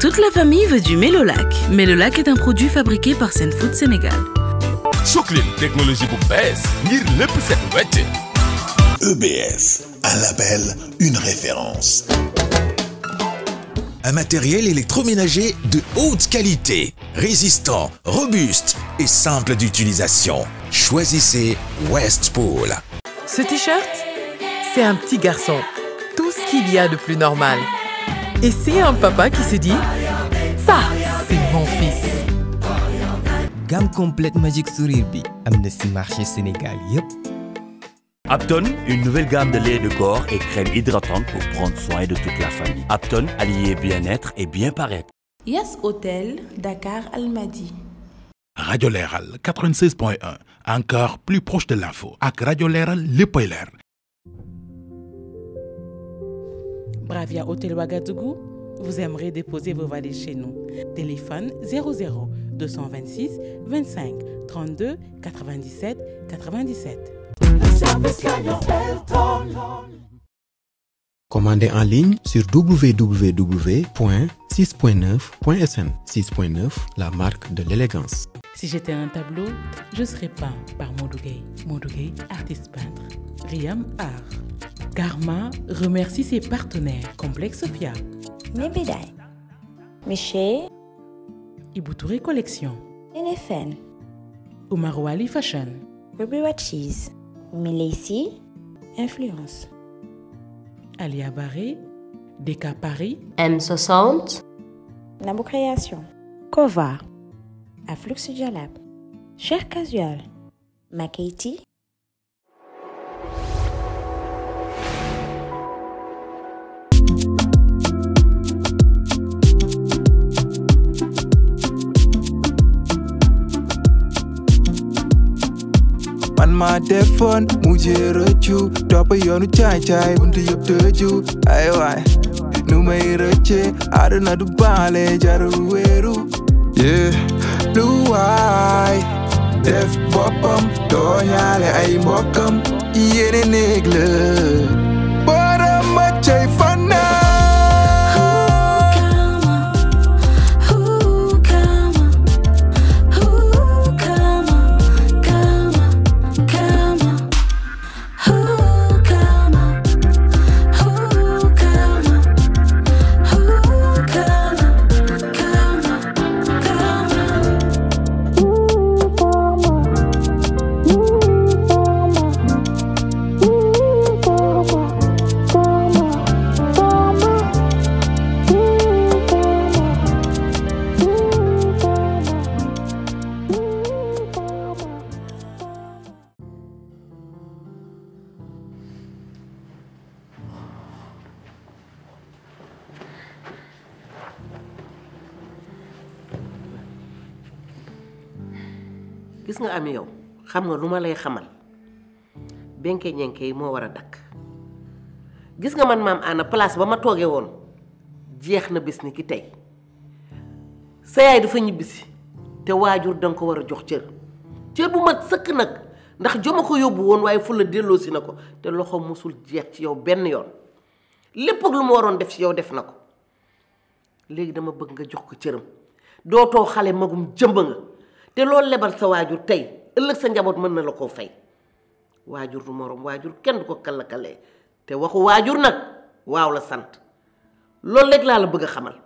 Toute la famille veut du Mélolac. Lac est un produit fabriqué par Senfood Sénégal. Soclin technologie pour ngir EBS, e un label, une référence. Un matériel électroménager de haute qualité, résistant, robuste et simple d'utilisation. Choisissez Westpool. Ce t-shirt c'est un petit garçon, tout ce qu'il y a de plus normal. Et c'est un papa qui se dit « Ça, c'est mon fils !» gamme complète Magic sourire bi marché Sénégal yup. Apton, une nouvelle gamme de lait de corps et crème hydratante pour prendre soin de toute la famille. Apton, allié bien-être et bien paraître. Yes Hotel, Dakar Almadi. Radio Leral 96.1, encore plus proche de l'info. Avec Radio Leral le Bravia Hotel Ouagadougou, vous aimerez déposer vos valets chez nous. Téléphone 00 226 25 32 97 97. Commandez en ligne sur www.6.9.sn. 6.9, la marque de l'élégance. Si j'étais un tableau, je serais peint par Modougué. Modougué, artiste peintre. Riam Art. Karma remercie ses partenaires Complex Sophia, Nebedai, Michel, Ibuturi Collection, NFN, Omarouali Ali Fashion, Ruby Watches, Milesi, Influence, Alia Barré, Deka Paris, M60, Nabo Création, Kova, Aflux Dialab, Cher Casual, Makaiti, ma defoon mujjee rëccu topp yoonu caay caay buntu yëpp tëju ay waay nu may rëcce àdduna du baale jarul wéeru yeah blue eye def boppam tooñaale ay mbokkam yéene néeg la borom ma cay fa xam nga lu ma lay xamal benke ñenke yi moo war a dakk gis nga man maam ana place ba ma toogee woon jeex na bis ni ki tey sa yaay dafa ñibbisi te waajur danga ko war a jox cër cër bu mat sëkk nag ndax joma ko yóbbu woon waaye fulla delloo si na ko te loxo mosul jeex ci yow benn yoon lépp lu ma waroon def ci yow def na ko léegi dama bëgg nga jox ko cëram dootoo xale magum jëmba nga te loolu lebal sa waajur tey ëllëg sa njaboot mën na la koo fay waajur du morom ko waxu la sant loolu rek la bëgg xamal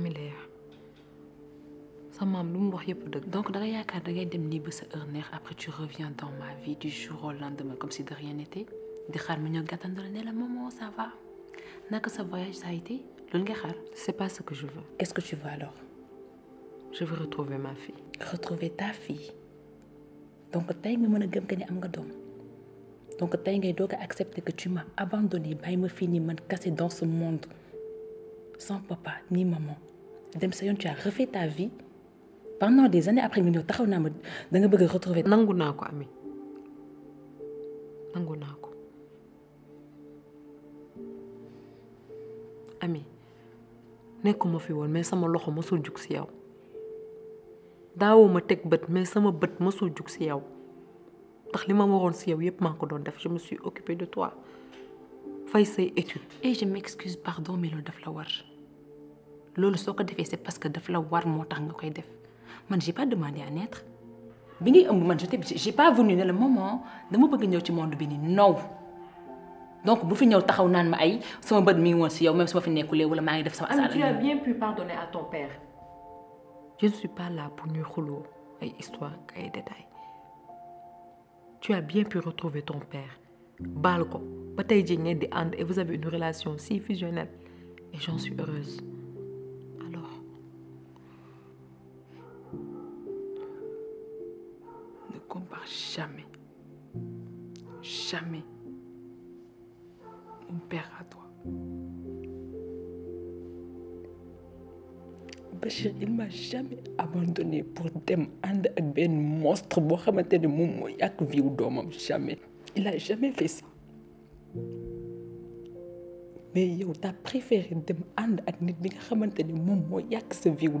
familière sa m'a lu mu wax yëpp donc danga yaakaar dangay dem nii ba sa après tu reviens dans ma vie du jour au lendemain comme si de rien n'était di xaar ma ñëw gàttandu la la maman ça va naka sa voyage ça a été L'une nga xaar c'est pas ce que je veux qu'est-ce que tu veux alors je veux retrouver ma fille retrouver ta fille donc tu as mën gëm que ni am nga doom donc tey ngay doog accepter que tu m'as abandonné bàyyi ma fii man cassé dans ce monde sans papa ni maman dem sa yoon tu as refait ta vie pendant des années après nga ñëw taxaw naa ma da nga bëgg a retrouver nangu naa ko Ami nangu naa ko Ami nekkuma fi woon mais sama loxo mësul jug si yow daawoo ma teg bët mais sama bët mësul jug si yow ndax li ma waroon si yow yépp maa ko doon def je me suis occupée de toi fay say études. et je m'excuse pardon mais loolu daf la war loolu soko defé c'est parce que daf la war motax nga koy def man j'ai pas demandé à naître bi ngay ëmb man je j'ai pas venu ne le moment dama bëgg ñëw ci monde bi ni non donc bu fi ñëw taxaw naan ma ay sama bëd mi ngi woon si yow même sama fi nekkulé wala ma ngi def sama. asaalaan tu as bien pu pardonner à ton père. je ne suis pas là pour ñuy xulo ay histoire ay détails tu as bien pu retrouver ton père baal ko ba tay jii di ànd et vous avez une relation si fusionnelle et j'en suis heureuse. jamais, jamais mon père à toi. Bachir il m'a jamais abandonné pour dem And ak benn monstre boo xamante ne moom moo yàq vie jamais il a jamais fait ça mais yo, t'as préféré dem And ak nit bi nga xamante ne moom moo sa vie wu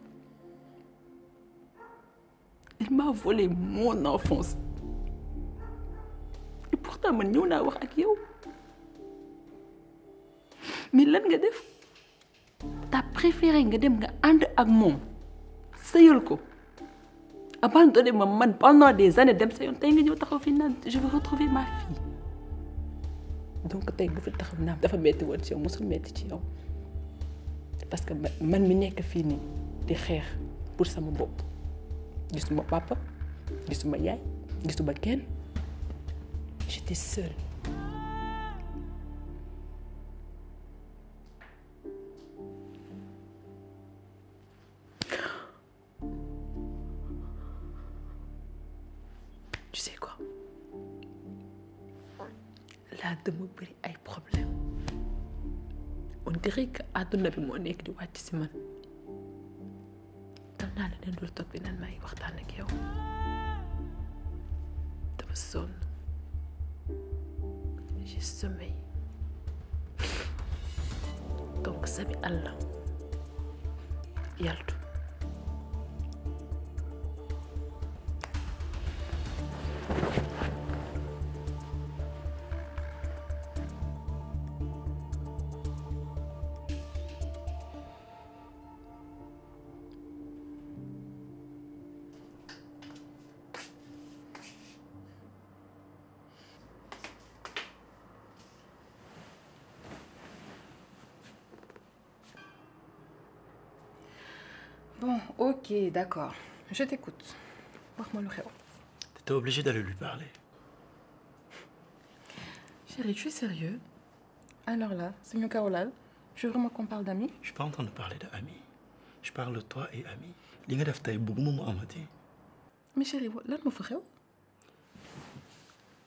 il m'a volé mon enfance et pourtant je suis mais ce que Tu as préféré nga dem nga abandonné pendant des années je veux retrouver ma fille donc je suis fi parce que je suis que fini. Des pour ça je suis ma papa, je suis ma mère, je suis ma quin. J'étais seule. Tu sais quoi? Là, a j'ai un problème. On dirait que à ton pas de ex خلنا نلورتك بنان ماي واخد عنك يوم تبسم جسمي دونك سامي الله يلتو Bon, ok, d'accord. Je t'écoute. Tu moi le T'étais obligée d'aller lui parler. Chérie, tu es sérieux Alors là, c'est Seigneur Carolal, je veux vraiment qu'on parle d'amis Je suis pas en train de parler d'amis. Je parle de toi et amis. Li nga def tay Mais chérie, lan de fa Tu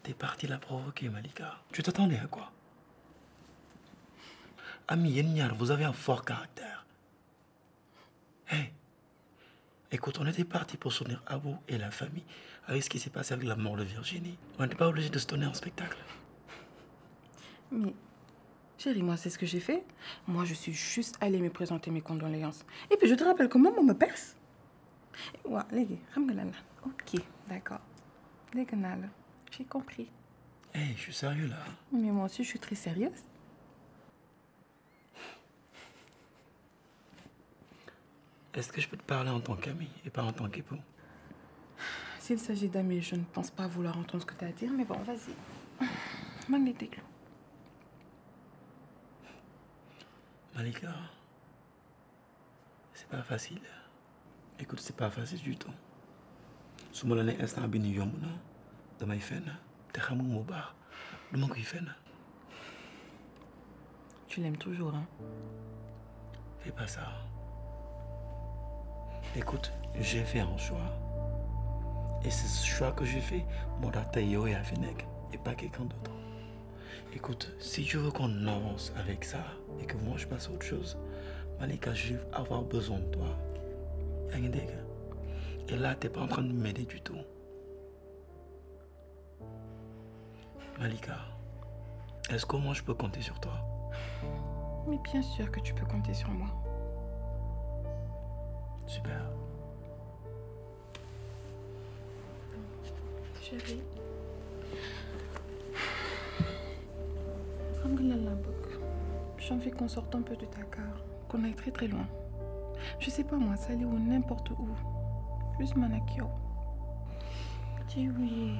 T'es parti la provoquer, Malika. Tu t'attendais à quoi Ami, vous avez un fort caractère. Et on était parti pour à Abou et la famille, avec ce qui s'est passé avec la mort de Virginie, on n'était pas obligé de se donner en spectacle. Mais, chérie, moi, c'est ce que j'ai fait. Moi, je suis juste allée me présenter mes condoléances. Et puis, je te rappelle que maman me perce. Ouais, les gars, Ok, d'accord. J'ai compris. Hé, eh, je suis sérieux là. Mais moi aussi, je suis très sérieuse. Est-ce que je peux te parler en tant qu'ami et pas en tant qu'époux S'il s'agit d'amis, je ne pense pas vouloir entendre ce que tu as à dire, mais bon, vas-y. Magnétique. Malika, c'est pas facile. Écoute, c'est pas facile du tout. su ma la instant bi ni yomb na damay fenn te xamul mu baax du ma koy là. tu l'aimes toujours hein. fais pas ça écoute, j'ai fait un choix. Et c'est ce choix que j'ai fait, mon yo et vinaigre et pas quelqu'un d'autre. Écoute, si tu veux qu'on avance avec ça et que moi je passe à autre chose, Malika, je vais avoir besoin de toi. Et là, t'es pas en train de m'aider du tout. Malika, est-ce que moi je peux compter sur toi Mais bien sûr que tu peux compter sur moi. Super. Je J'ai envie qu'on sorte un peu de ta Dakar, qu'on aille très très loin. Je sais pas moi, ça aller ou n'importe où. Plus Manakio. Dis oui.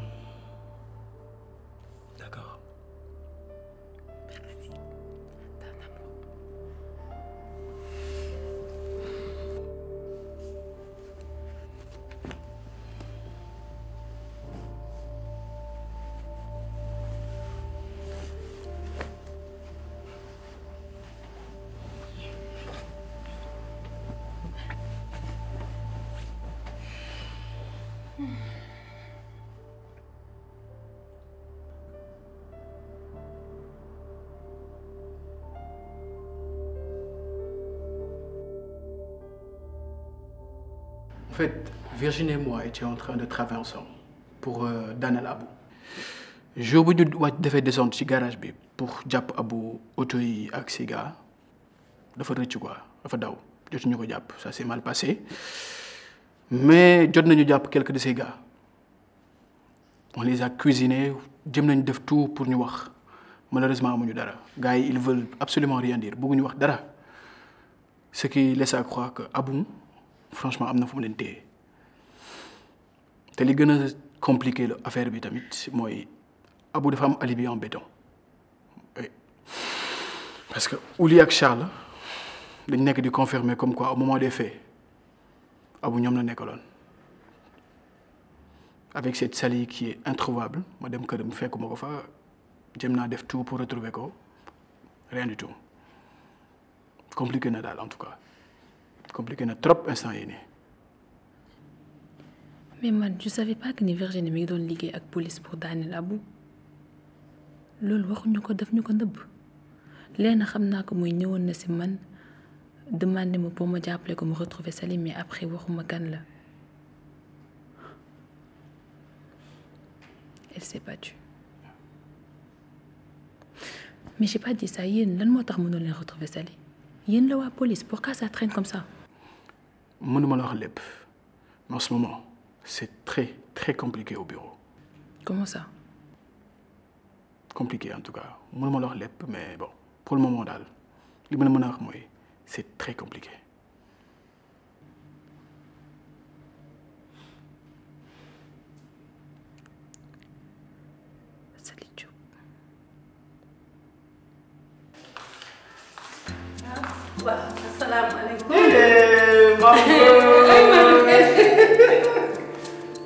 En fait, Virginie et moi étions en train de travailler ensemble pour euh, Daniel Abou. jour oublié de descendre descendre descente garage pour Jap Abou oto yi ak si gars dafa rëcc quoi Il daw jotuñu ko Jap, ça s'est mal passé mais jot nañu Jap quelques de ses gars on les a cuisinés jëm ont def tout pour nous voir. malheureusement amuñu dara gars ils veulent absolument rien dire dara ce qui laisse à croire que Abou franchement amna na len té té li gëna a compliqué la bi tamit moy Abou dafa am alibi en béton parce que Ouli ak Charles dañ nek di confirmer comme quoi au moment des faits Abou ñom la nekalon avec cette Sally qui est introuvable ma dem këram fekkuma ko fa jëm def tout pour retrouver ko rien du tout compliqué na dal en tout cas compliqué na trop instant yii mais man je savais pas que ni Virginie mi ngi doon ak police pour daniel Abou loolu waxuñu ko def ñu ko nëbb leena xam ko muy ñëwoon na ci man demandé mo pour ma jàppale ko mu retrouver Salim mais après waxuma kan la elle s'est battue mais j'ai pas dit ça yéen lan moo tax mënoo retrouver Salim yéen la waa police pourquoi ça traîne comme ça mënuma la wax mais en ce moment c'est très très compliqué au bureau. comment ça. compliqué en tout cas mënuma la wax mais bon pour le moment daal li ma la c'est très compliqué.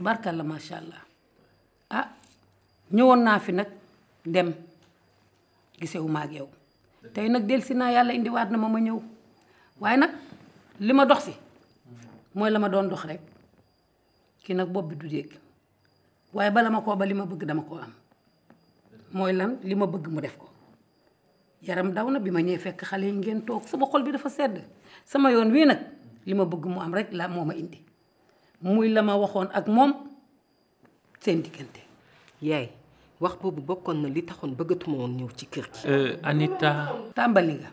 barka la allah ah ñewon na fi nak dem gisewuma ak yow tey nag delsi yalla indi wat na ma ma ñëw waaye nag li dox ci moy lama ma doon dox rek ki nak lima du deg ba lima bëgg dama ko am moy lan lima bëgg mu def ko yaram daw na bima ma fekk xalé yi ngeen tok sama xol bi dafa sedd sama yoon wi nak lima bëgg mu am rek la moma indi muy la ma waxoon ak moom seen diggante. yaay wax boobu bokkoon na li taxoon bëggatuma woon ñëw ci kër gi. Euh, Anita. tàmbali nga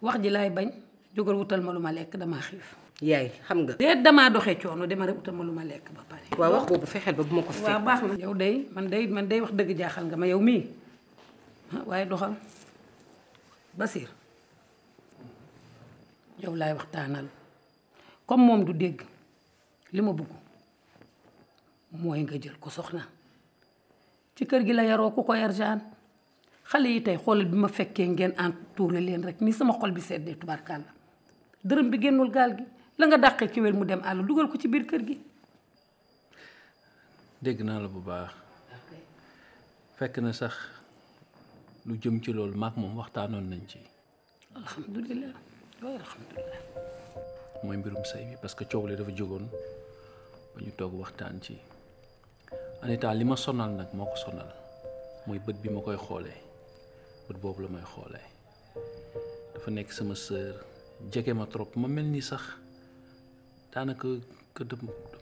wax ji laay bañ jógal wutal ma lu ma lekk damaa xiif. yaay xam nga. déet damaa doxe coono dama rek wutal ma lu ma lekk ba pare. waaw wax boobu fexeel ba bu ma ko fekk. waaw baax na yow day man day man day wax dëgg jaaxal nga ma yow mii ah, waaye doxal Basir yow laay waxtaanal comme moom du dégg. Lima buku. bëgg mooy nga jël ko soxna ci kër gi la yaroo ku ko yar jaan xale yi tey xoolal bi ma fekkee ngeen entouré leen rek ni sama xol bi seddee tubaarkàlla dërëm bi génnul gaal gi la nga dàqee kéwél mu dem àll dugal ko ci biir kër gi dégg naa la bu baax fekk na sax lu jëm ci loolu maak moom waxtaanoon nañ ci alhamdulilah waaye mooy mbirum say bi parce que coow dafa jógoon ba ñu toog waxtaan ci anita li ma sonal nag moo sonal mooy bët bi ma koy xoolee bët boobu la may xoolee dafa nekk sama sœur jege ma trop ma mel ni sax daanaka que da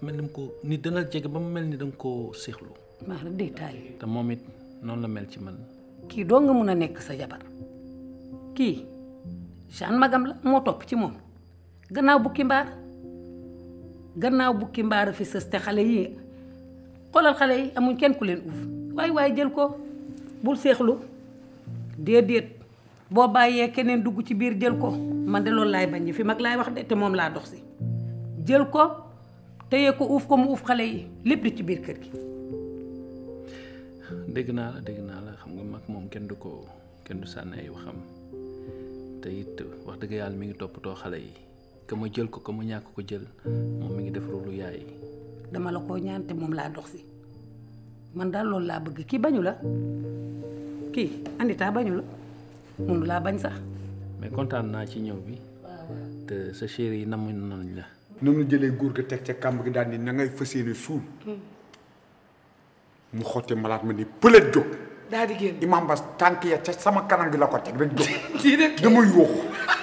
mel ko nit dana jege ba ma mel ni da nga koo seexlu maa la détail te moom it noonu la mel ci man kii doo nga mun a sa jabar kii magam la moo topp ci moom gannaaw bukki mbaar gannaaw bukki mbaara fi sës te xale yi xoolal xale yi amuñ kenn ku leen uuf waaye waaye jël ko bul seexlu déedéet boo bàyyee keneen dugg ci biir jël ko man de loolu laay bañ fi mag laay wax de te moom laa dox si jël ko téye ko uuf ko mu uuf xale yi lépp di ci biir kër gi dégg naa la dégg naa la xam nga mag moom kenn du ko kenn du sànni ay waxam te it wax dëgg yàlla mi ngi toppatoo xale yi kama jël ko kama ñàkk ko jël moom mi ngi def rôle yaay dama la koo ñaan te moom laa dox si man daal loolu laa bëgg kii bañu la kii anditaa bañu la mënu laa bañ sax mais kontaan naa ci ñëw bi te sa chéri yi namu nañ la nam la jëlee guur ga teg ca kàmb gi daal ni na ngay fas yéene suul mu xotti malaat ma ni pëlet jóg daal di génn imam bas tànk ya ca sama kanam gi la ko teg rek jóg dama yuuxu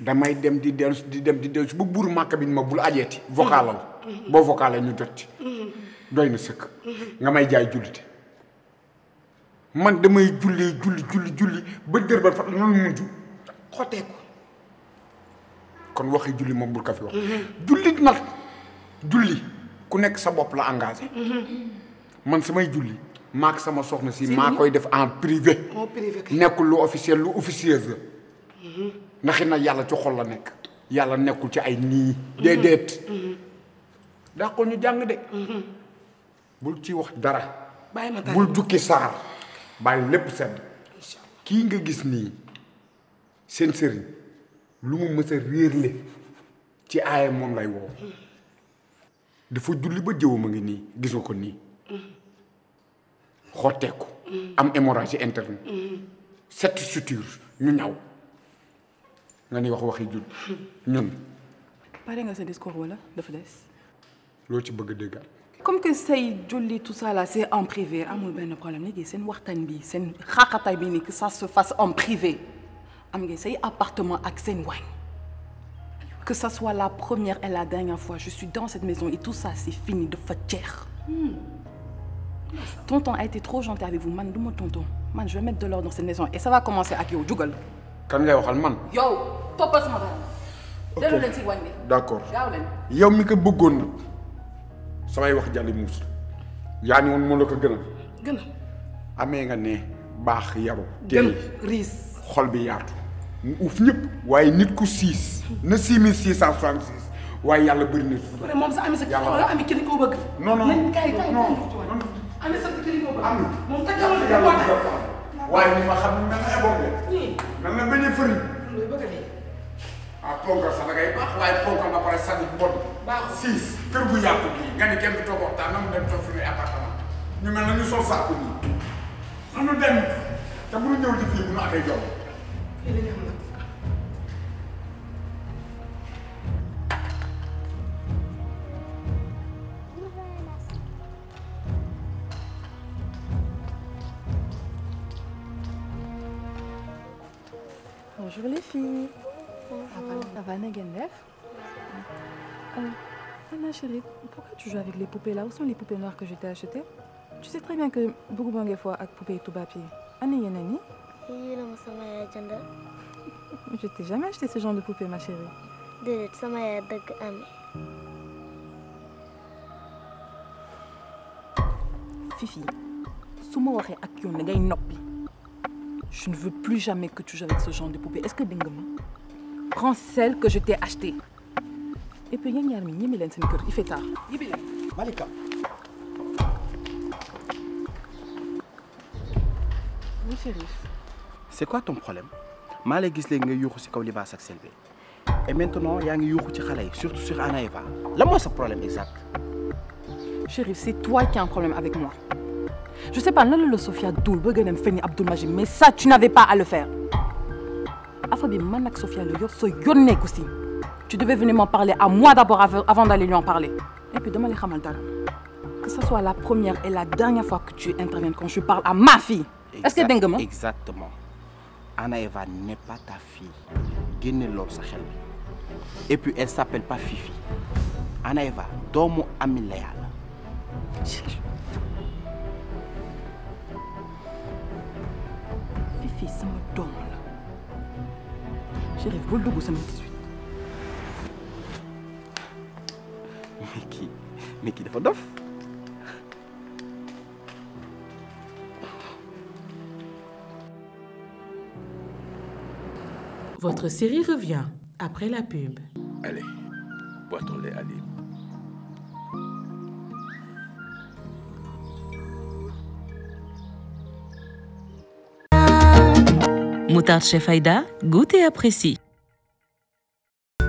damay dem di dellu di dem di dellu si bu buur màkk bi ma bul ajeeti vocalal boo vocalee ñu jot ci doy na sëkk nga may jaay jullite man damay julli julli julli julli ba dër ba fa lu mujj xotee kon waxi julli moom bul ko wax jullit nag julli ku nekk sa bopp la engage man samay julli maak sama soxna si maa koy def en privé nekkul lu officiel lu officieuse la ndaxi nag yàlla ci xol la nekk yàlla nekkul ci ay nii déedéet daa ko ñu jàng de bul ci wax dara bul jukki saar bàyyi lépp sedd kii nga gis nii seen sëriñ lu mu mës a ci aaya moom lay woo dafa julli ba jëwam a ngi nii gis nga ko nii ko mm. am hémorragie interne cette mm. suture ñu ñaw nga ni wax waxi hmm. ñun. pare nga discours wala dafa des. ci bëgg comme que say julli tout ça là c'est en privé amul benn problème C'est seen waxtaan bi seen xaaxataay bi ni que ça se fasse en privé am nga say appartement ak seen que ça soit la première et la dernière fois je suis dans cette maison et tout ça c'est fini de dafa chière. Hmm. tonton a été trop gentil avec vous man tonton man je vais mettre de l'ordre dans cette maison et ça va commencer à yow jugal. kan ngay waxal man. yow toppal sama baax na. d' accord yow mi ko bëggoon nag samay wax jàll muus yaa ni woon moo la ko gënal. gënal amee nga ne baax yaru. teel riis xol bi yaatu. mu uuf ñëpp waaye nit ku siis na six mille six cent soixante six waaye yàlla bëri na. su moom sa ami sa ami kii ko bëgg. non non non non ami sa kii ko bëgg. moom waaye ñi ma xam ne na éboog la. mel na bañ a fëri. a ah ponkal sax da baax waaye ponkal ba pare sànni bu bon. baax siis kër gu yàqu gii nga ne kenn du toog waxtaan na mu dem toog suñuy appartement ñu mel na ñu sol saako nii. na ñu dem te bu ñu ñëw ci fii bu ñu amee jom. Bonjour les filles. Bonjour. Ça va, oui. Euh, Anna ah, chérie, pourquoi tu joues avec les poupées là Où sont les poupées noires que je t'ai achetées Tu sais très bien que beaucoup de fois avec poupées tout papier. Anna Yenani Je t'ai jamais acheté ce genre de poupée, ma chérie. De ça m'a Fifi, si je suis avec toi, tu je ne veux plus jamais que tu joues avec ce genre de poupée. Est-ce que Dengama hein? prends celle que je t'ai achetée Et puis, il y a il fait tard. Malika. Oui, chérif? C'est quoi ton problème Malé gis nga qui ci kaw libaas ak et maintenant yaa ngi ci xale surtout sur Anaeva moi c'est un problème exact. Chérif, c'est toi qui as un problème avec moi. Je sais pas, non, le Sofia Doul, Abdul mais ça, tu n'avais pas à le faire. Afabi, Manak Sofia Le Yor, so aussi. Tu devais venir m'en parler à moi d'abord avant d'aller lui en parler. Et puis, demande le Dara. Que ce soit la première et la dernière fois que tu interviennes quand je parle à ma fille. Est-ce que dingue moi hein? Exactement. Anna Eva n'est pas ta fille. Guinée l'or Et puis, elle s'appelle pas Fifi. Anna Eva, Domo Amilea. J'arrive sama doom là. J'arrive, bul 18. mais qui, mais qui dafa dof. Votre série revient après la pub. Allez, boitons-les à Moutarde Chef Aïda, goûte et apprécie.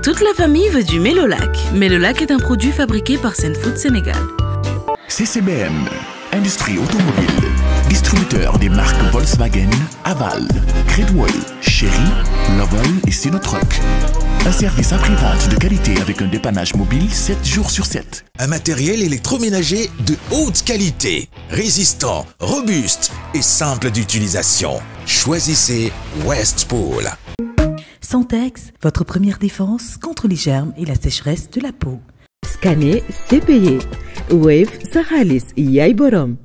Toute la famille veut du Mélolac. Lac est un produit fabriqué par Senfood Sénégal. CCBM, Industrie Automobile, distributeur des marques Volkswagen, Aval, Credwell, Chery, Lovell et Sinotruck. Un service à vente de qualité avec un dépannage mobile 7 jours sur 7. Un matériel électroménager de haute qualité, résistant, robuste et simple d'utilisation. Choisissez Westpool. Santex, votre première défense contre les germes et la sécheresse de la peau. Scanner, c'est payé. Wave Saralis Yaiborom.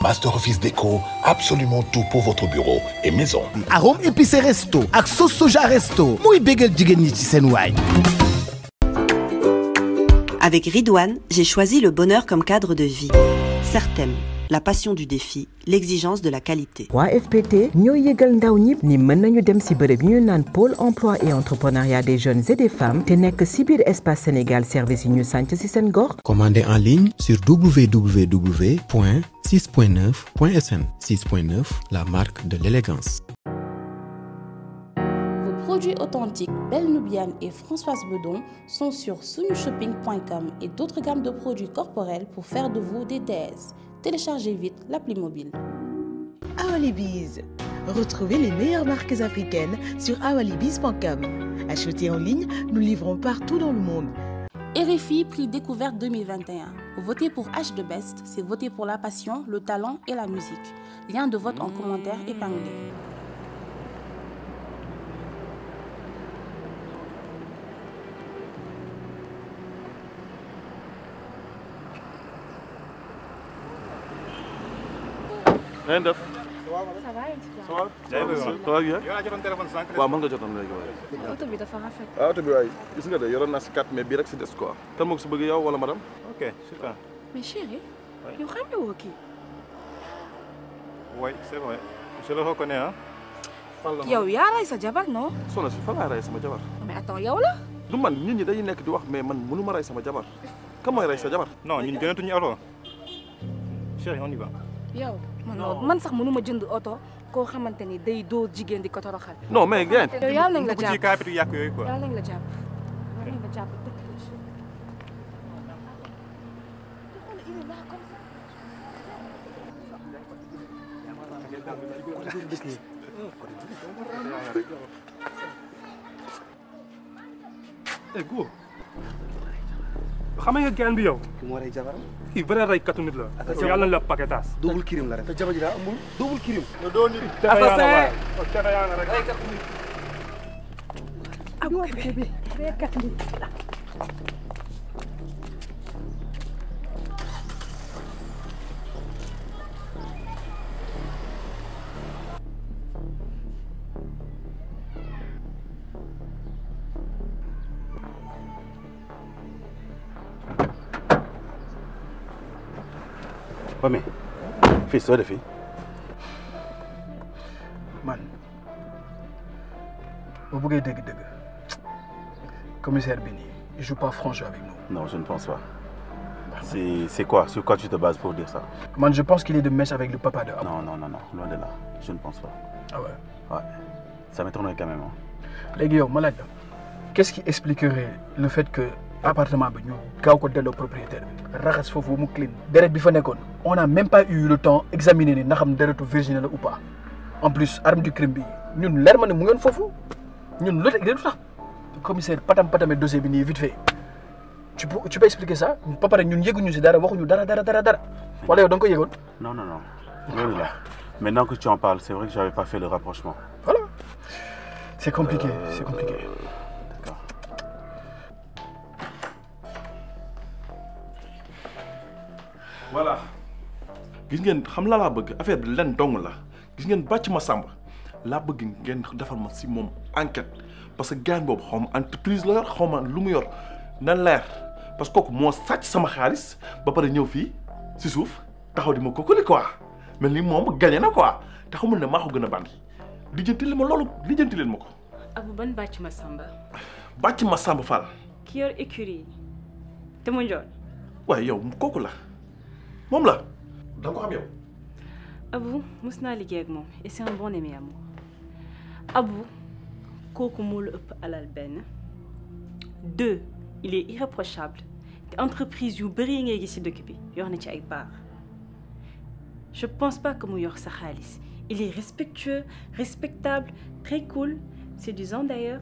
Master Office Déco, absolument tout pour votre bureau et maison. arôme épicé resto axo soja resto moui bégé Avec Ridouane, j'ai choisi le bonheur comme cadre de vie. Certem la passion du défi, l'exigence de la qualité. FPT ñoo ni dem ci pôle emploi et entrepreneuriat des jeunes et des femmes te espace Sénégal service ñu commandez en ligne sur www.6.9.sn 6.9 la marque de l'élégance. Vos produits authentiques Belle Nubian et Françoise Bedon sont sur SunuShopping.com et d'autres gammes de produits corporels pour faire de vous des thèses. Téléchargez vite l'appli mobile. Awalibiz. Retrouvez les meilleures marques africaines sur awalibiz.com. Achetez en ligne, nous livrons partout dans le monde. RFI Prix Découverte 2021. Voter pour H de Best, c'est voter pour la passion, le talent et la musique. Lien de vote en commentaire épinglé. na ngeen def. ça va yéen ci jàmm. ça va ça va bien. waaw mën nga jotoon léegi waaye. oto bi dafa rafet. ah oto bi waaye gis nga de yoroon naa si carte mais bii rek si des quoi. kan moo ko si bëgg yow wala madame. ok super. mais chérie. oui yow xam nga woo kii. oui c'est vrai je le reconnais ah. yow yaa rey sa jabar non. soxna si fan laa rey sama jabar. mais attends yow ya, la. du man nit ñi dañuy nekk di wax mais man mënu ma rey sama jabar. kan mooy rey sa jabar. non ñun jëndatuñu oto. chérie on y va yow man loolu man sax mënuma jënd oto koo xamante day doo jigen di ko toroxal. non mais yow nañ la ci quoi. Eh, gue. xam nga gaan bi yow. ki moo rey jabaram. kii vrai rey katu nit la. yàlla na la paquetage. double crime la rek te jabar ji daa amul double crime. te doo nit. assassin tefe yaa nga rek rey katu nit. ak katu nit. Fais, de fille. man bu bëggee le commissaire Béni. il joue pas franchement avec nous. non je ne pense pas. Bah, c'est, quoi Sur quoi tu te bases pour dire ça Man, je pense qu'il est de mèche avec le papa de Non, non, non, non, loin de là. Je ne pense pas. Ah ouais Ouais. Ça m'étonnerait quand même. Hein. Les gars, malade. Qu'est-ce qui expliquerait le fait que appartement bi ñu gaaw ko delloo propriétaire bi raxas foofu mu clean deret bi fa nekkoon on n'a même pas eu le temps examiner ni na xam deretu virgin la ou pas en plus arme du crime bi ñun leer ma ne mu ngeen foofu ñun lu lu tax commissaire patam patame dossier bi nii vite fait tu peux tu peux expliquer ça ba pare ñun yëguñu si dara waxuñu dara dara dara dara wala yow da nga ko yëgoon. non non non loolu la maintenant que tu en parles c'est vrai que j'avais pas fait le rapprochement. voilà c'est compliqué c'est compliqué. voilà gis ngeen xam la laa bëgg affaire bi len dong la gis ngeen bàcc ma sàmb laa bëgg ngeen defal ma si moom enquête parce que gaan boobu xaw ma entreprise la yor lu mu yor na leer parce que sama xaalis ba pare ñëw si suuf taxaw di ma kokkali quoi mel ni moom gagné na quoi te xamul ne ko gën bandi lijjanti leen ma loolu lijjanti leen ma ko. abu ban bàcc ma sàmb. bàcc ma sàmb Fall. ki yor écurie te yow la. mom la d'accord bien. ko xam yow. Abou mos naa liggéey ak moom et c'est un bon ami à moi Abou kooku moo la alal deux il est irréprochable te entreprise yu bëri yi ngay gis ci dëkk bi yor na ci ay part je pense pas que mu yor sa il est respectueux respectable très cool séduisant d'ailleurs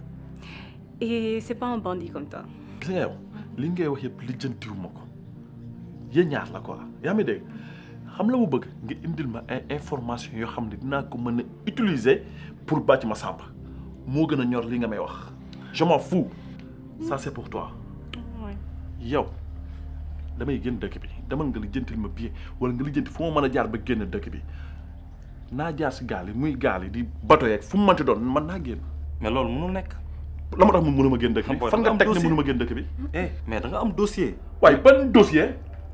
et c'est pas un bandit comme toi. gis nga yow li ngay yéen ñaar la quoi yaa ngi dégg xam la mu bëgg nga indil ma information yoo xam Dina dinaa ko mën utiliser pour bàcc ma sàmp moo gën a ñor li nga may wax je m'en fous ça c'est pour toi yow damay génn dëkk bi demal nga lijjantil ma bien wala nga lijjanti fu ma mën a jaar ba génn dëkk bi naa jaar si gaal yi muy gaal yi di bato yeeg fu mu don, doon man naa mais loolu mënul nek. la ma tax mun mënuma génn dëkk bi ah, fan nga teg ne mënuma génn dëkk bi eh, mais da nga am dossier waaye ban dossier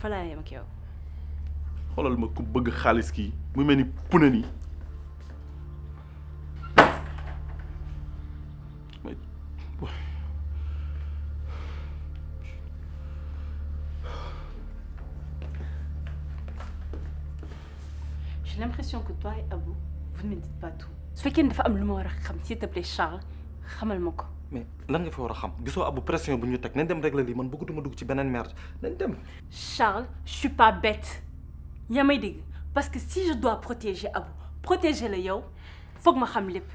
fa laa yem ak yow. xoolal ma ku bëgg xaalis kii mu mel ni pune nii j'ai l'impression que toi et Abou vous ne me dites pas tout su fekkee dafa am lu ma war a xam s'il te plaît Charles xamal ma ko mais lan nga fi wara xam gisoo Abou pression bu ñu teg nañ dem régler li man bëggatuma dugg ci beneen merde nañ dem. Charles je suis pas bête yaa may dégg parce que si je dois protéger abou protéger la yow foog ma xam lépp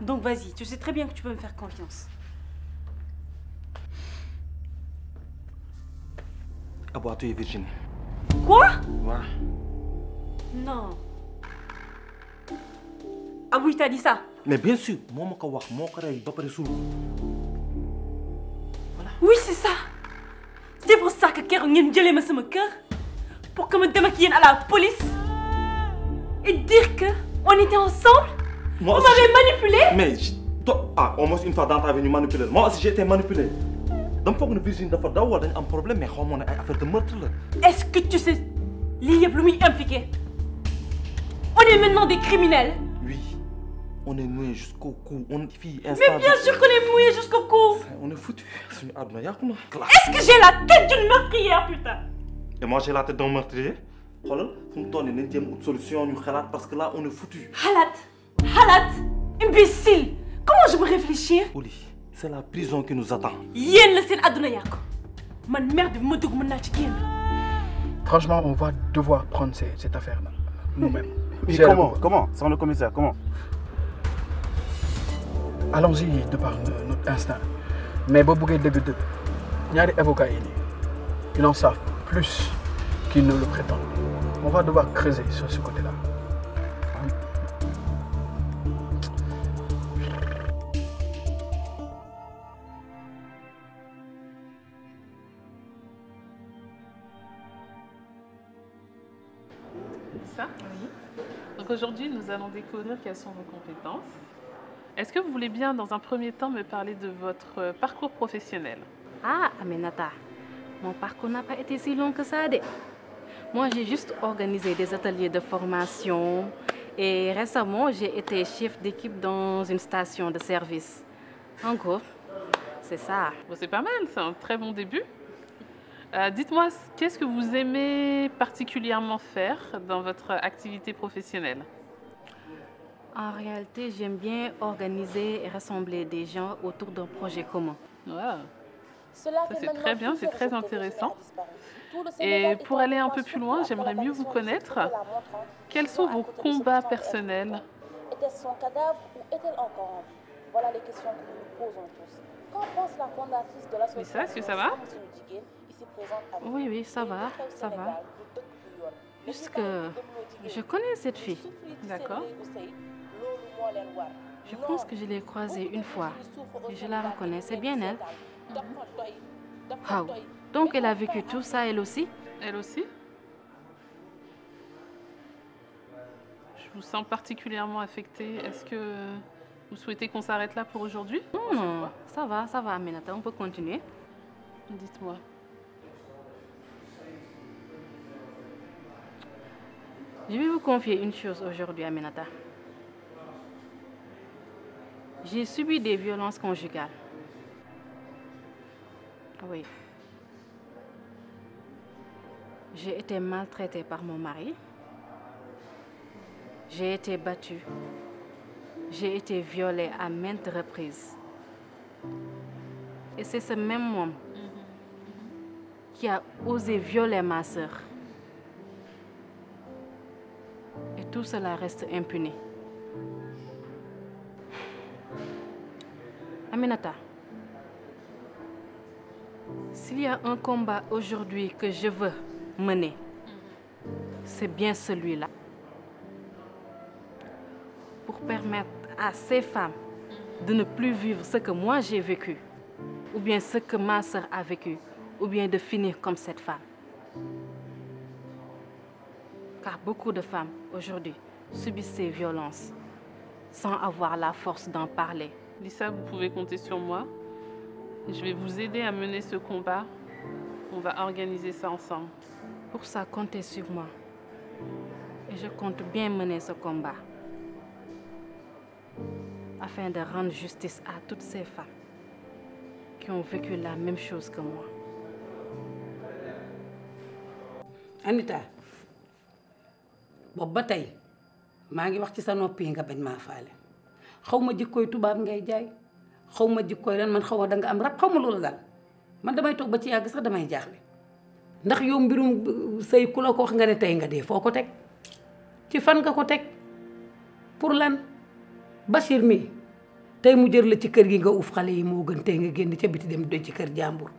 donc vas-y tu sais très bien que tu peux me faire confiance. Abou a tué Virginie. Quoi Ouais. Non. Abou, il t'a dit ça mais bien sûr moi, je ko wax moo ko je ba voilà. oui c'est ça c'est pour ça que keroog ngeen jëlee ma sama cœur pour que je me démaquille à la police et dire que on était ensemble. moi aussi vous manipulé. mais toi ah au moins une fois dans ta moi aussi j'étais été manipulé dama foog ne Virginie dafa daw wala problème mais comment on a ay affaire de meurtre là. est-ce que tu sais Lily yëpp lu impliqué on est maintenant des criminels on est mouillé jusqu'au cou. On... Fille, Mais bien sûr qu'on est mouillé jusqu'au cou. On est foutu. Est-ce que j'ai la tête d'une meurtrière, putain Et moi, j'ai la tête d'un meurtrier xoolal faut mu toll une solution parce que là on est foutu. Halat Halat imbécile comment je vais réfléchir. Oli, c'est la prison qui nous attend. Yen la une àdduna man merde ma mère de franchement on va devoir prendre cette affaire nous-mêmes. mais comment comment le commissaire comment allons-y de par notre instinct mais de il y a y avocats des qui ils en savent plus qu'ils ne le prétendent on va devoir creuser sur ce côté-là. Ça, oui. Donc aujourd'hui, nous allons découvrir quelles sont vos compétences est-ce que vous voulez bien, dans un premier temps, me parler de votre euh, parcours professionnel Ah, amenata. mon parcours n'a pas été si long que ça. Moi, j'ai juste organisé des ateliers de formation et récemment, j'ai été chef d'équipe dans une station de service. En gros, c'est ça. c'est pas mal, c'est un très bon début. Euh, dites-moi, qu'est-ce que vous aimez particulièrement faire dans votre activité professionnelle en réalité, j'aime bien organiser et rassembler des gens autour d'un projet commun. Ça, c'est très bien, c'est très intéressant. Et pour aller un peu plus loin, j'aimerais mieux vous connaître. Quels sont vos combats personnels ce son est Voilà les questions que nous posons tous. pense la fondatrice de ce que ça va Oui, oui, ça va, ça va. Puisque je connais cette fille. D'accord. Je pense que je l'ai croisée une fois et je la reconnais. C'est bien elle. Donc elle a vécu tout ça elle aussi Elle aussi Je vous sens particulièrement affectée. Est-ce que vous souhaitez qu'on s'arrête là pour aujourd'hui Non, hmm, ça va, ça va, Amenata. on peut continuer. Dites-moi. Je vais vous confier une chose aujourd'hui, Amenata. J'ai subi des violences conjugales. Oui. J'ai été maltraitée par mon mari. J'ai été battue. J'ai été violée à maintes reprises. Et c'est ce même homme qui a osé violer ma sœur. Et tout cela reste impuni. s'il y a un combat aujourd'hui que je veux mener, c'est bien celui-là. Pour permettre à ces femmes de ne plus vivre ce que moi j'ai vécu, ou bien ce que ma soeur a vécu, ou bien de finir comme cette femme. Car beaucoup de femmes aujourd'hui subissent ces violences sans avoir la force d'en parler. Lisa, vous pouvez compter sur moi. Je vais vous aider à mener ce combat. On va organiser ça ensemble. Pour ça, comptez sur moi. Et je compte bien mener ce combat. Afin de rendre justice à toutes ces femmes qui ont vécu la même chose que moi. Anita, je ngi wax ci sa xaw ma jikkooy tubaab ngay jaay xaw ma jikkooy lan man xaw ma danga am rab xaw ma loolu daal man damay toog ba ci yàgg sax damay jaaxle ndax yow mbirum euh, sëy ku la ko wax nga ne tey nga dee foo ko teg ci fan nga ko teg pour lan basir mi tey mu jër la ci kër gi nga uuf xale yi moo gën tey nga génn ca biti dem doy ci kër jàmbur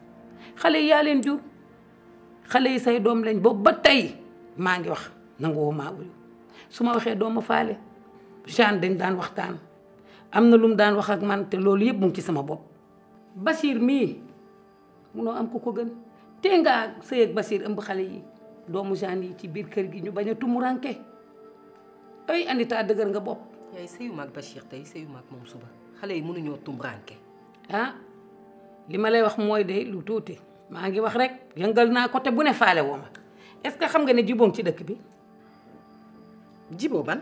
xale yi yaa leen jur xale yi say doom lañ boobu ba tey maa ngi wax nangu woo maa uyu su ma waxee doomu faale Jeanne dañ daan waxtaan am na lu mu daan wax ak man te loolu yëpp mu ci sama bopp Bachir mii munoo am ku ko gën te nga sëy ak Bachir ëmb xale yi doomu jaan yi ci biir kër gi ñu bañ a tumuranke ay Anita dëgër nga bopp yaay sëyuma ak Bachir tey sëyuma ak moom suba xale yi mënuñoo tumuranke ah li ma lay wax mooy de lu tuuti maa ngi wax rek yëngal naa ko te bu ne faale woo ma est-ce que xam nga ne jiboom ci dëkk bi jiboo ban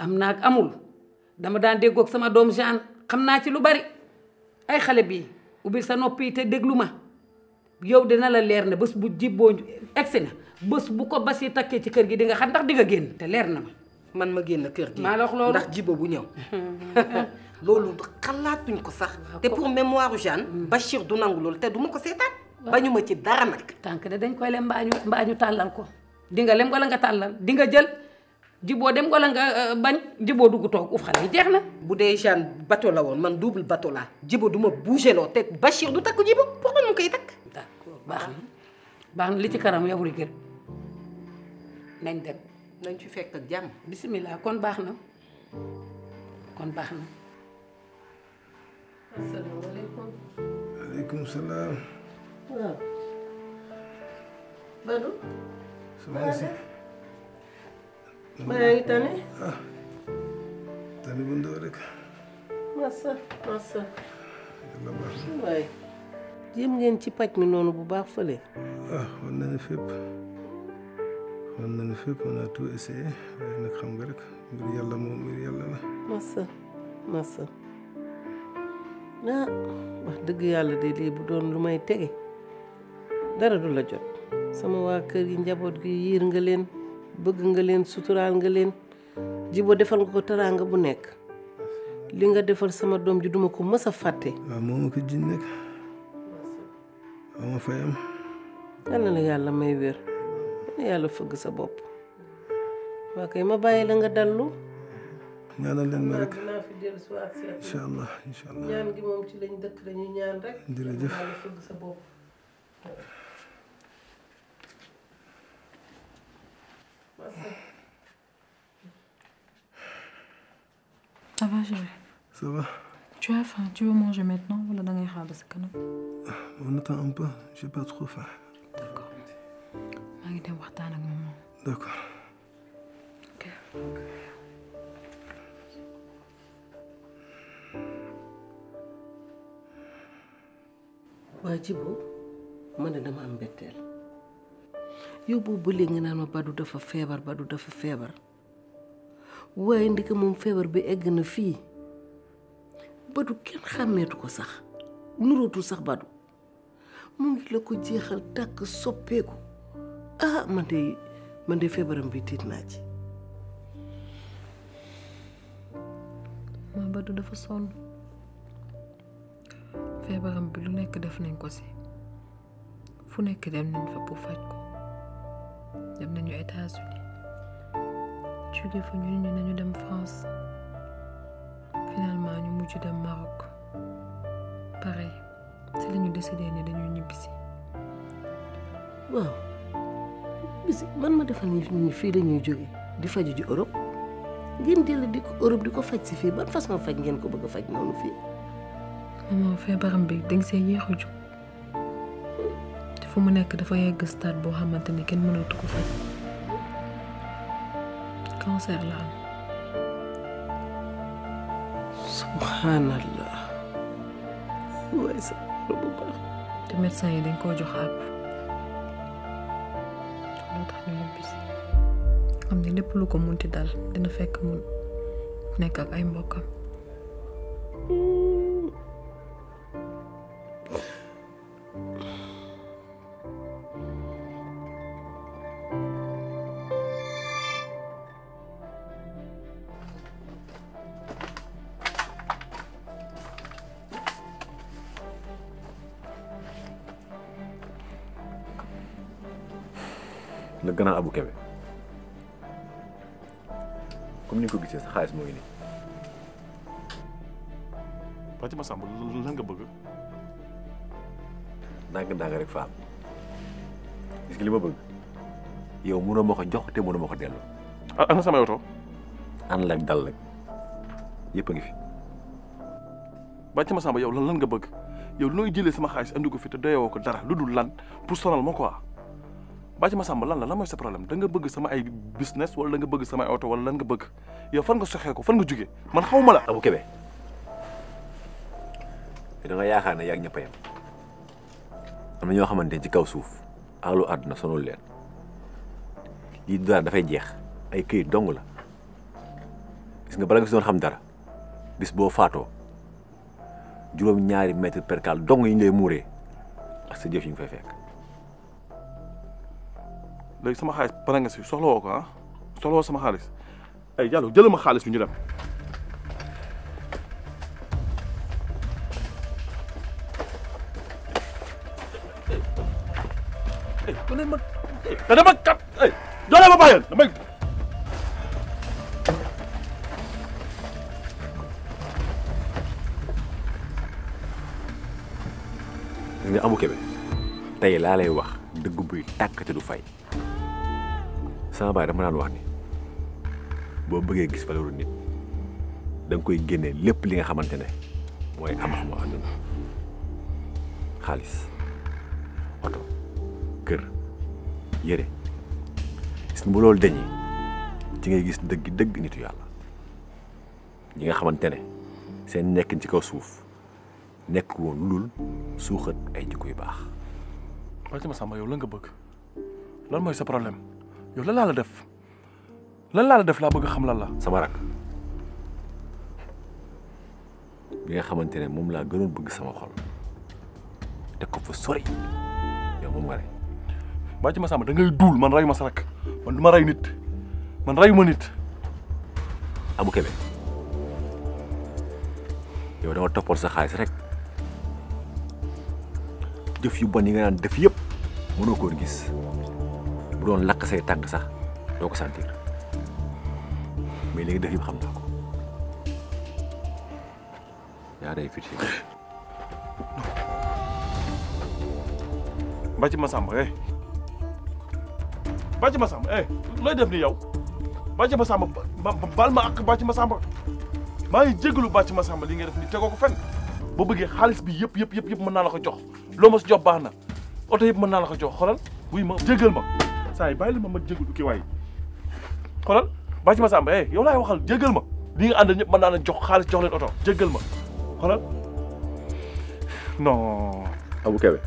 Je amul dama daan déggoog sama doom Jeanne xam naa ci lu bari ay xale bi ubbi sa te la ne bés bu jibboo egsi na bu ko basi takkee ci kër gi di nga xam ndax di nga te leer na man ma génn kër gi ndax bu ñëw loolu ko pour mémoire Jeanne hmm. Bachir du nangu loolu te du ma ko seetaan ci dara de dañ koy le ko di nga jiboo dem wala nga euh, bañ jiboo dugg toog uf xale yi jeex na. bu dee Jeanne bateau la woon man double bateau laa jibo du ma bougé loo te Bachir du takku jibo pour que koy takk. d'accord baax na baax na li ci kanam yaburi gër nañ dem nañ ci fekk ak jàmm. bisimilah kon baax na kon baax na. asalaamaaleykum. waaleykum salaam. waaw. ba yaa ngi tane. bu ndaw rek. massa massa. yàlla na ngeen ci paj mi noonu bu baax fële. ah xool nañu fépp xool nañu fépp on a waaye nag xam nga rek mbir yàlla moom mbir yàlla la. massa massa ah wax dëgg yàlla de lii bu doon lu may tege dara du la jot sama waa kër yi njaboot gi yiir nga leen. bëgg nga leen suturaal nga leen jibo defal nga ko teraanga bu nekk li nga defal sama doom ji duma ko mas a fàtte. waaw moo ma ko jiñ nag ma la yàlla may wér yàlla sa bopp waa ma bàyyi la nga dallu. ñaanal leen ma rek dinaa fi ci lañ dëkk dañuy ñaan sa bopp. Ça va, chérie Ça va. Tu as faim Tu veux manger maintenant ou la dernière fois, ce On attend un peu, j'ai pas trop faim. D'accord. Je vais te avec maman. D'accord. Ok. Wa je suis de dama am m'embêter. yow boobu nga naan ma Badou dafa feebar Badou dafa feebar waaye ndika moom feebar bi egg na fii Badou kenn xàmmeetu ko sax nurootul sax Badou mu ngi la ko jeexal tàkk soppeeku ah man de man de feebaram bi tiit naa ci. ma Badou dafa sonn feebaram bi lu nekk def nañ ko si fu nekk dem nañ fa pour faj ko. dem les États-Unis France finalement ñu mujj au Maroc pareil c'est ñu décidé waaw bisi man ma defal ñu dañuy di en Europe ngeen del di ko Europe di ko faj ci fi. ban façon faj ngeen ko bëgg a nonu fi. maman bi fu mu nekk dafa yegg stade boo xamante ni kenn mënatu ko faj cancer la am subhanallah waaye sa bu baax te médecin yi dañ koo jox àpp loo tax ñu ñibbisi xam ne lépp lu ko munti dal dina fekk mu nekk ak ay mbokkam xaalis moo ngi nii. Fatima Samb lan nga bëgg. ndànk-ndànk rek faam gis nga ma bëgg yow mënoo ma ko jox te mënoo ma ko dellu. ana sama oto. an la dal rek yëpp a ngi fi. Fatima Samb yow lan lan nga bëgg yow nooy jëlee sama xaalis andi ko fi te doyewoo ko dara lu dul lan pour sonal ma quoi. Baca ma sàmm lan la lan mooy sa problème da nga bëgg sama ay business wala da nga bëgg sama ay oto wala lan nga bëgg yow fan nga soxé ko fan nga juggé man xawma la. Abou Kébé da nga yaakaar ne yaa ngi ñëpp a am na ñoo xamanté ci kaw suuf alu àdduna sonu leen da da fay jeex ay kay dong la gis nga bala nga xam dara bis bo faato juroom ñaari mètre percale dong yi ñu lay ak sa jëf yi ñu fay fekk. léegi sama xaalis pare nga si soxlawoo ko ah soxlawoo sama xaalis ay jëlal ma xaalis bi ñu dem. ma ne ma te dama bàyyi nga amu kebe tey laa lay wax dëgg buy tàkk te du fay. bayram dama la wax ni bo beugé gis valeuru nit dang koy guéné lepp li nga xamante moy am xam xamu àdduna xaalis auto kër yéré gis mu lol dañi ci ngay gis dëgg dëgg nitu yalla ñi nga xamante seen nekk ci kaw suuf nekk woon lul suuxat ay jikko yu baax. ma sama yow la nga bëgg lan moy sa problème. yow lan laa la def lan laa la def laa bëgg xam lan la. sama rak bi nga xamante ne moom laa gënoon bëgg sama xol teg ko fa sori yow moom nga rey. bàyyi ci ma sàmm da ngay duul man reyu ma sa rak man du ma rey nit man reyu ma nit. Abou Kébé yow dama toppoon sa xaalis rek jëf yu bon yi nga naan def yëpp mënoo koo gis. bu doon lakk say tànk sax doo ko sentir mais léegi def yi xam naa ko yaa eh Baca masam, eh Lo def ni yow Bàcc Masamba bal ma ak Bàcc Masamba maa ngi baca masam. Masamba li nga def ni tegoo ko fenn bo bëggee xaalis bi yëpp yëpp yëpp yëpp mën naa la ko jox lo ma si jox baax auto oto mën la ko jox xolal buy ma jégal ma saa yi bàyyi la ma ma jégalu kii waay xoolal bàyyi ma sàmba eh yow laay waxal jégal ma li nga àndal jox xaalis jox leen oto jégal ma xoolal non. Abou Kébé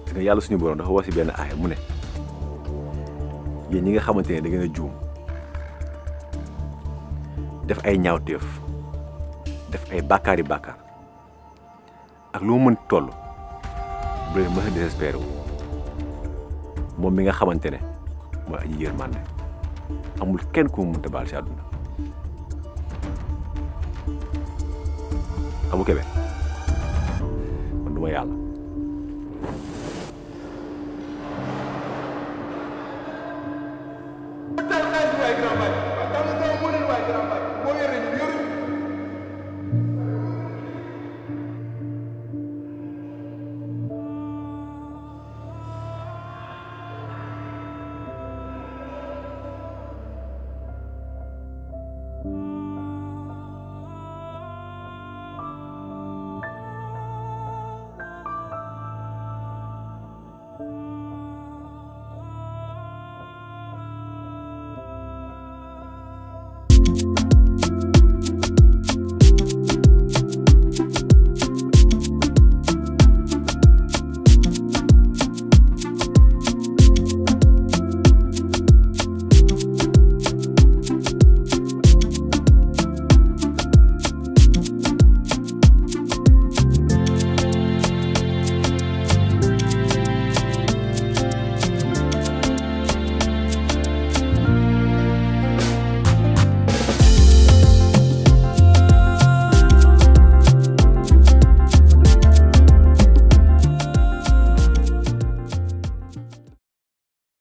parce que yàlla suñu borom dafa wax si benn mu ne yéen ñi nga xamante ne da ngeen a juum def ay ñaawteef def ay bàkkaari bàkkaar ak lu mu mën toll bu leen mën moom mi nga xamante ne mooy aji yërmande amul kenn ku mu baal si àdduna amu kebe man du ma yàlla